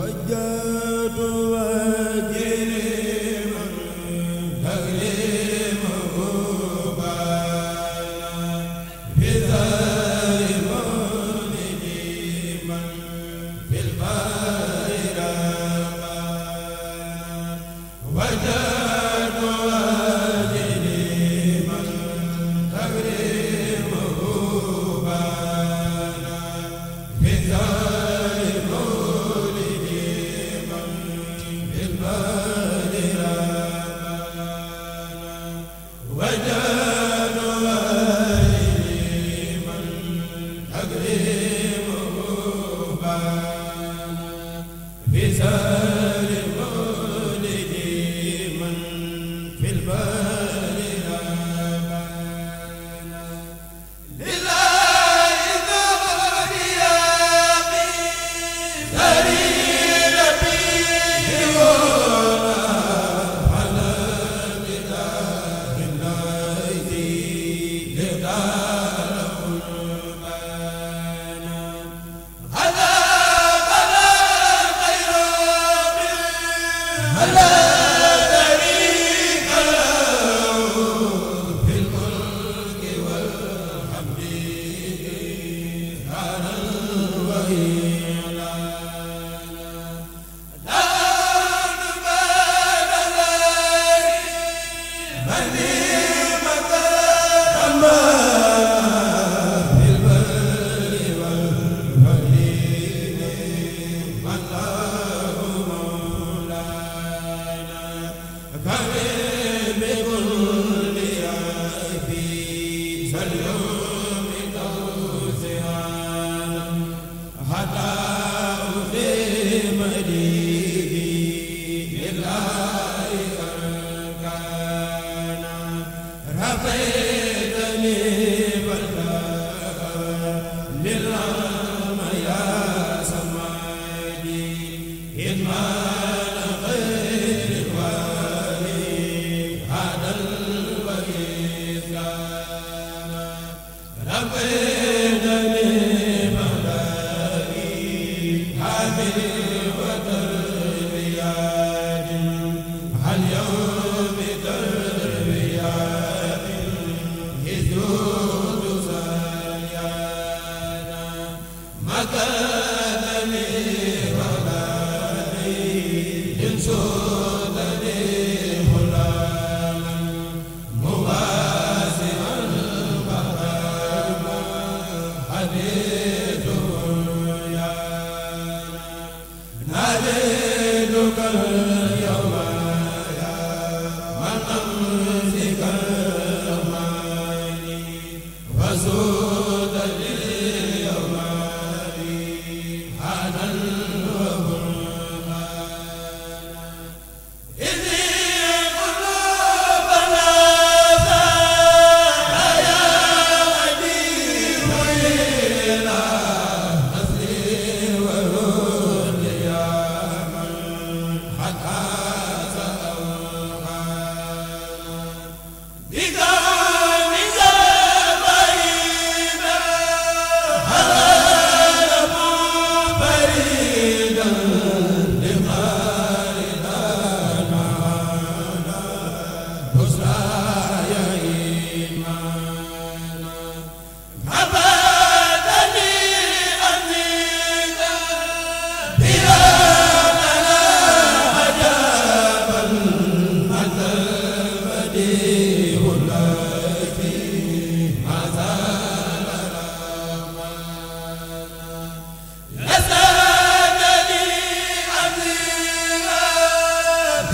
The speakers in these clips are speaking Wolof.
wajjatu wajhi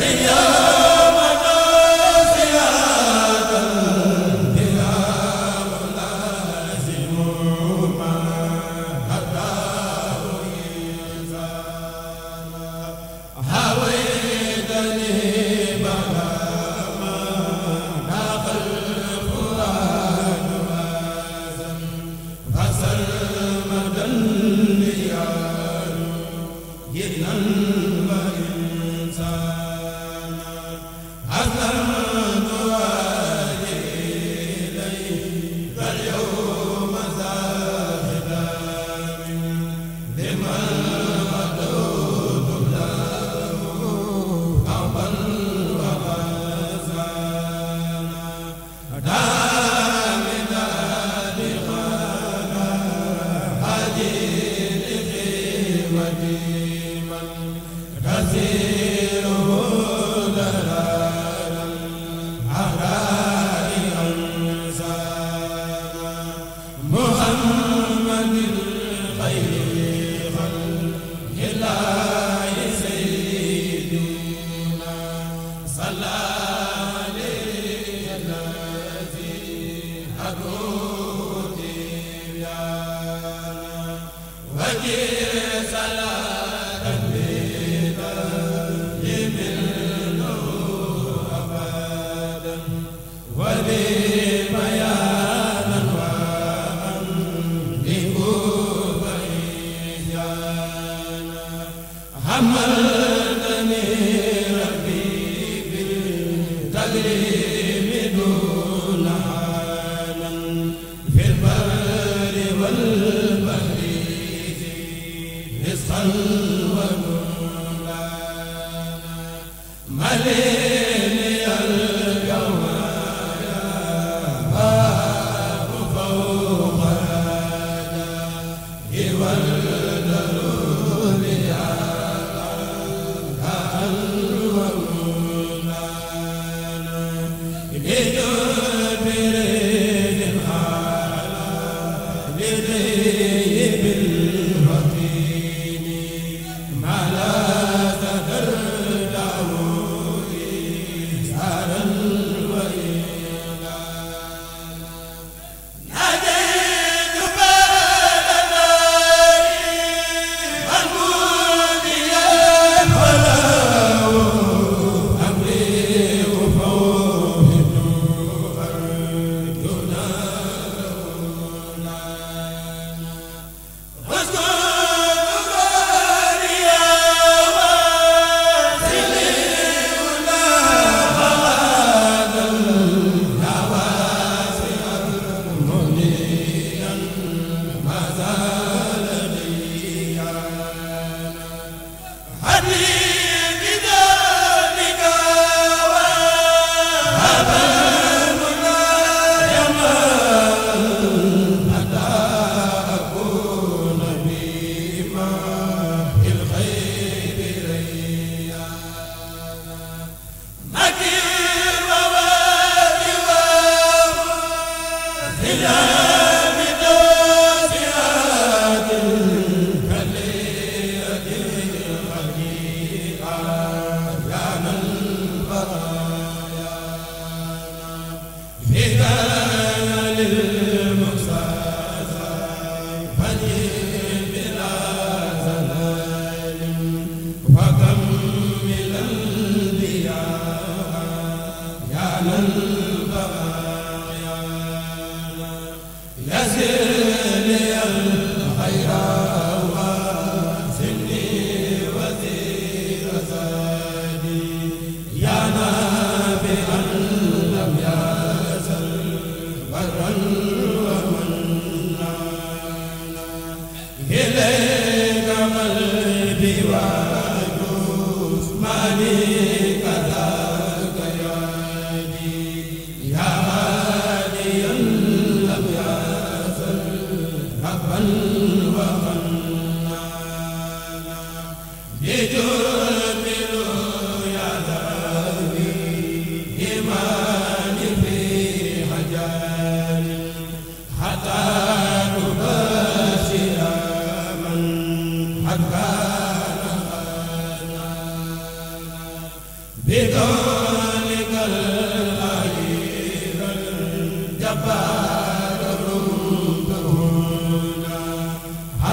yaa الحميد li rabbi bi tadri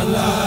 Allah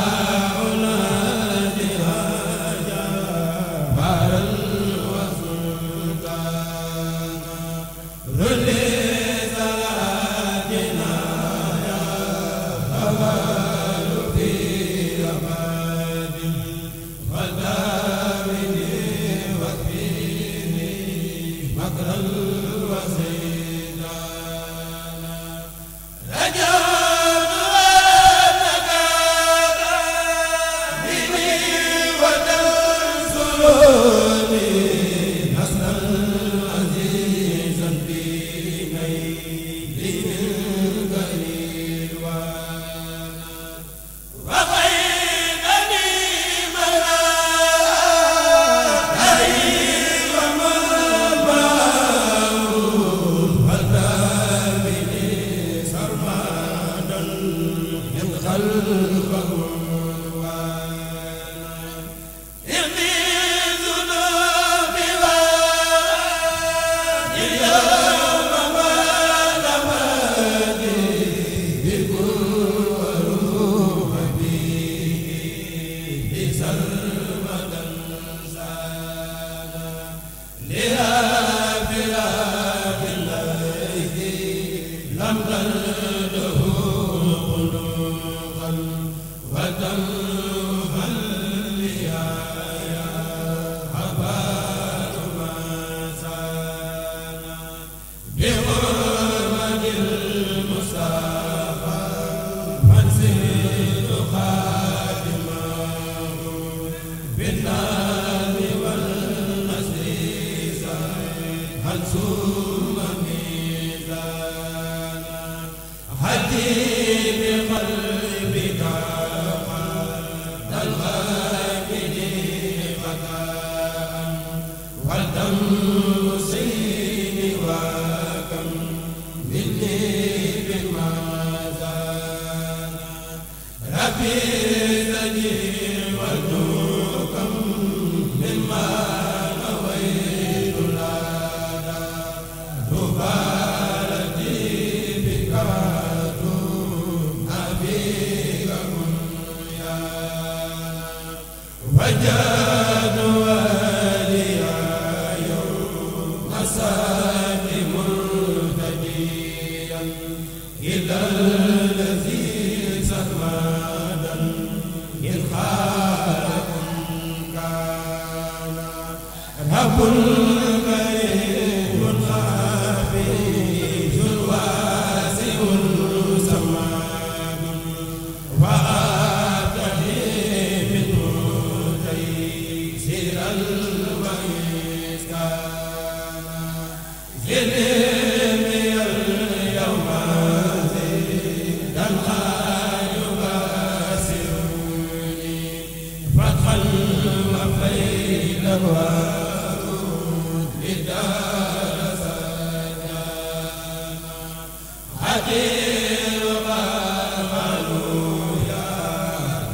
Mansour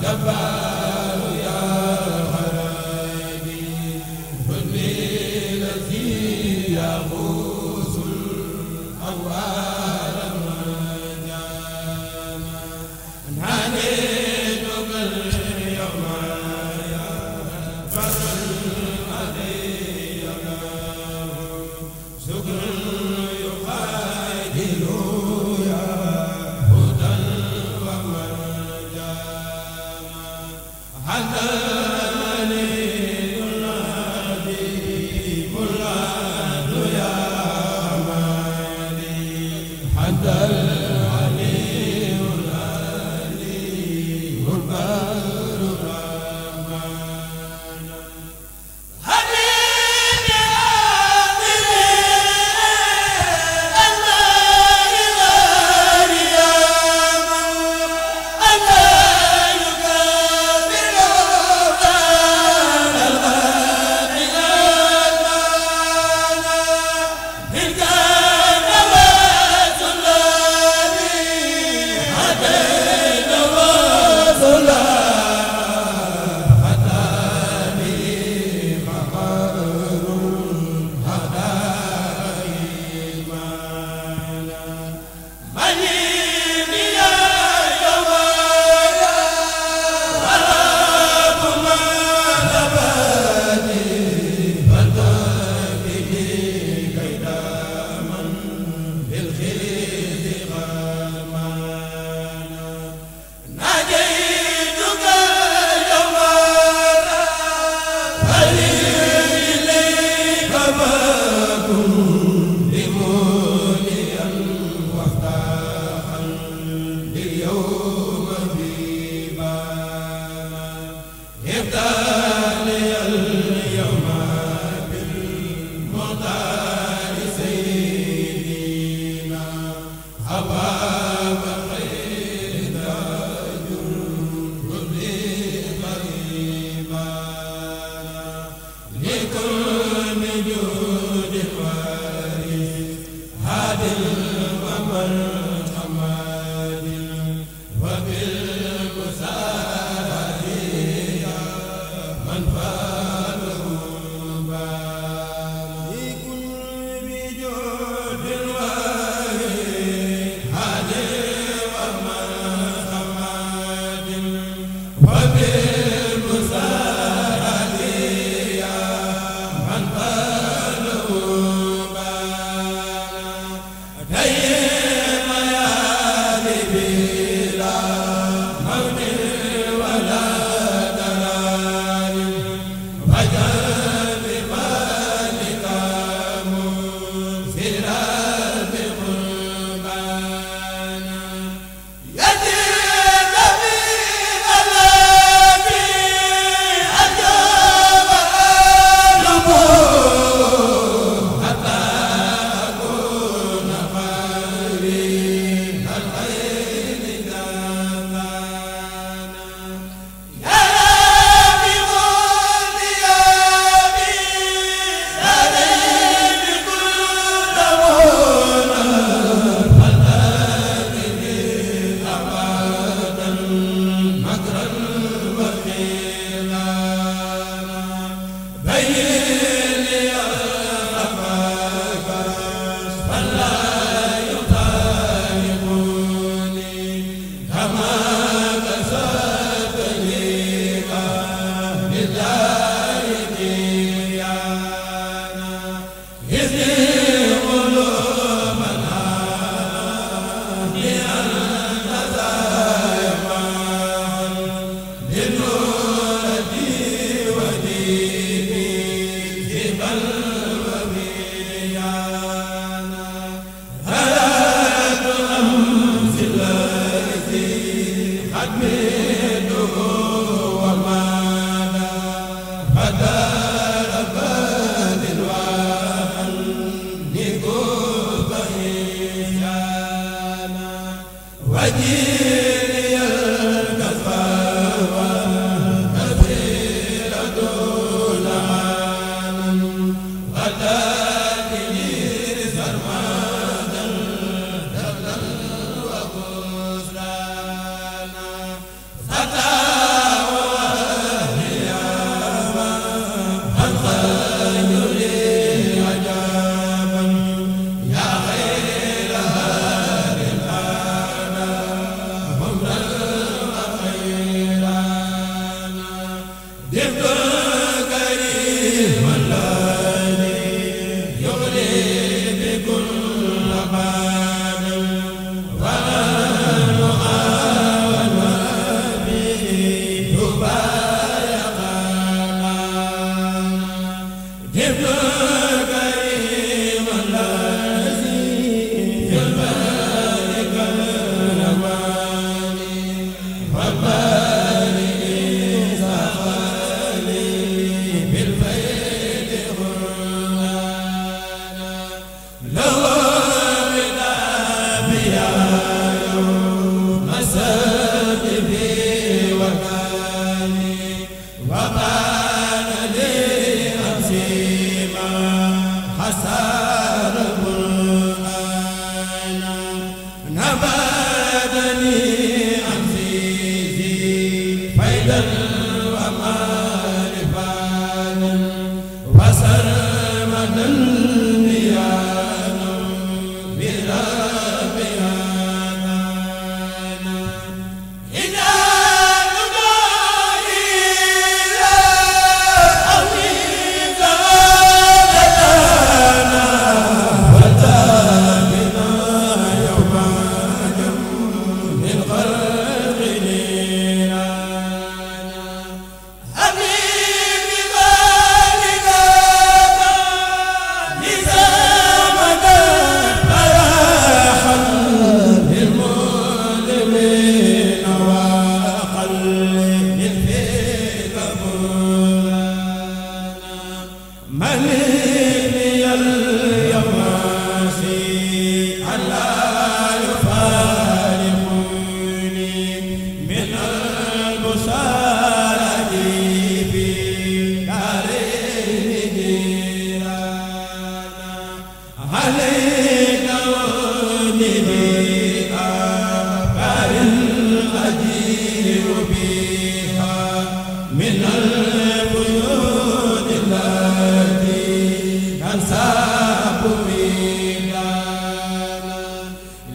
Jabbar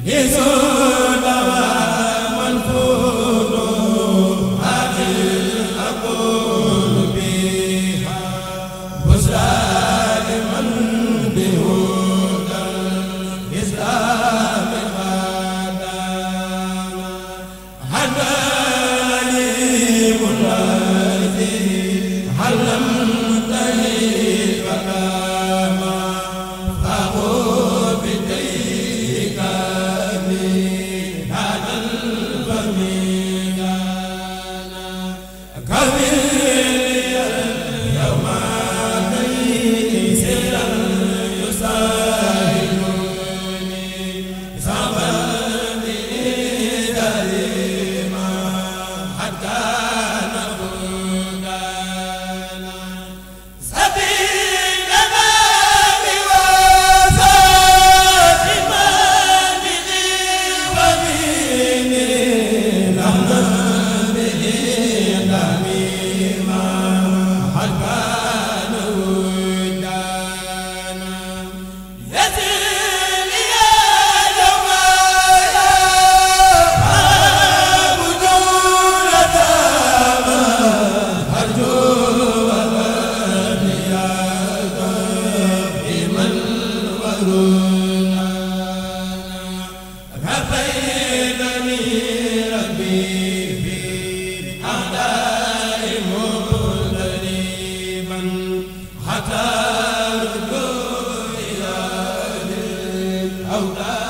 Yes awta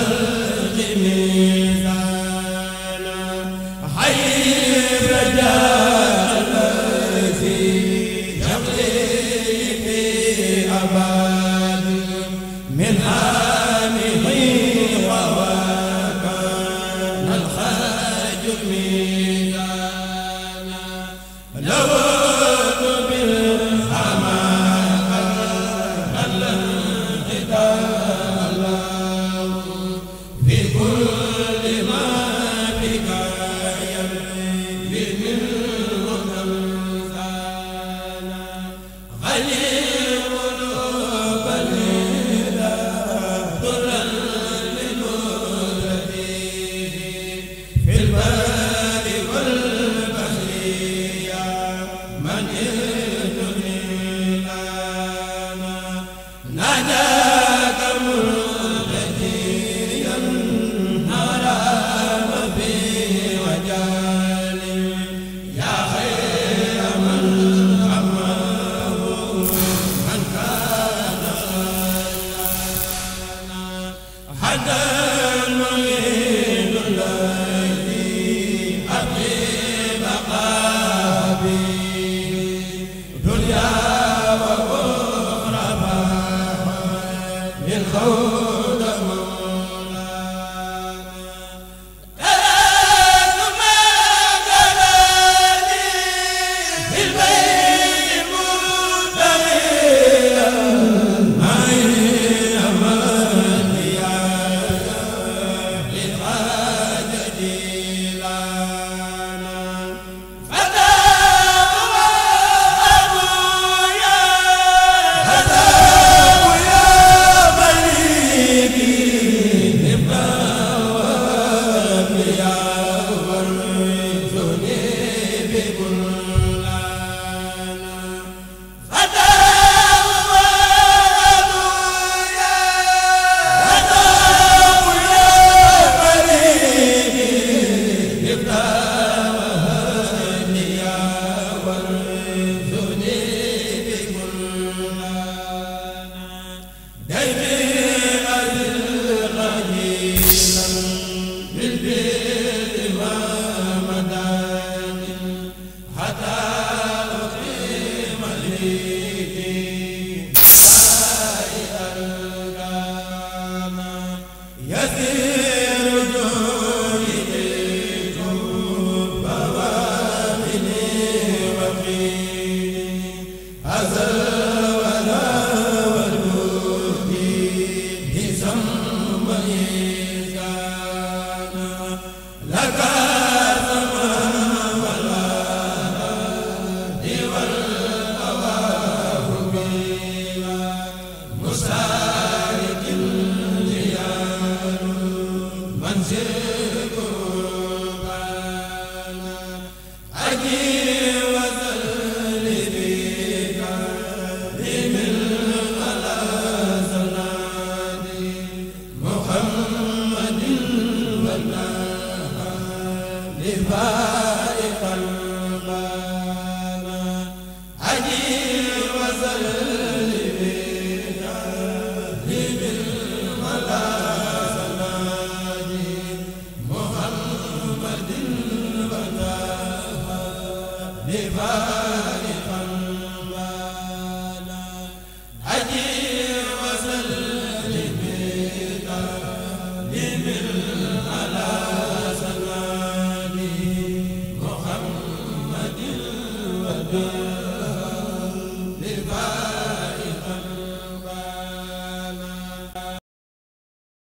الخلق من Amen.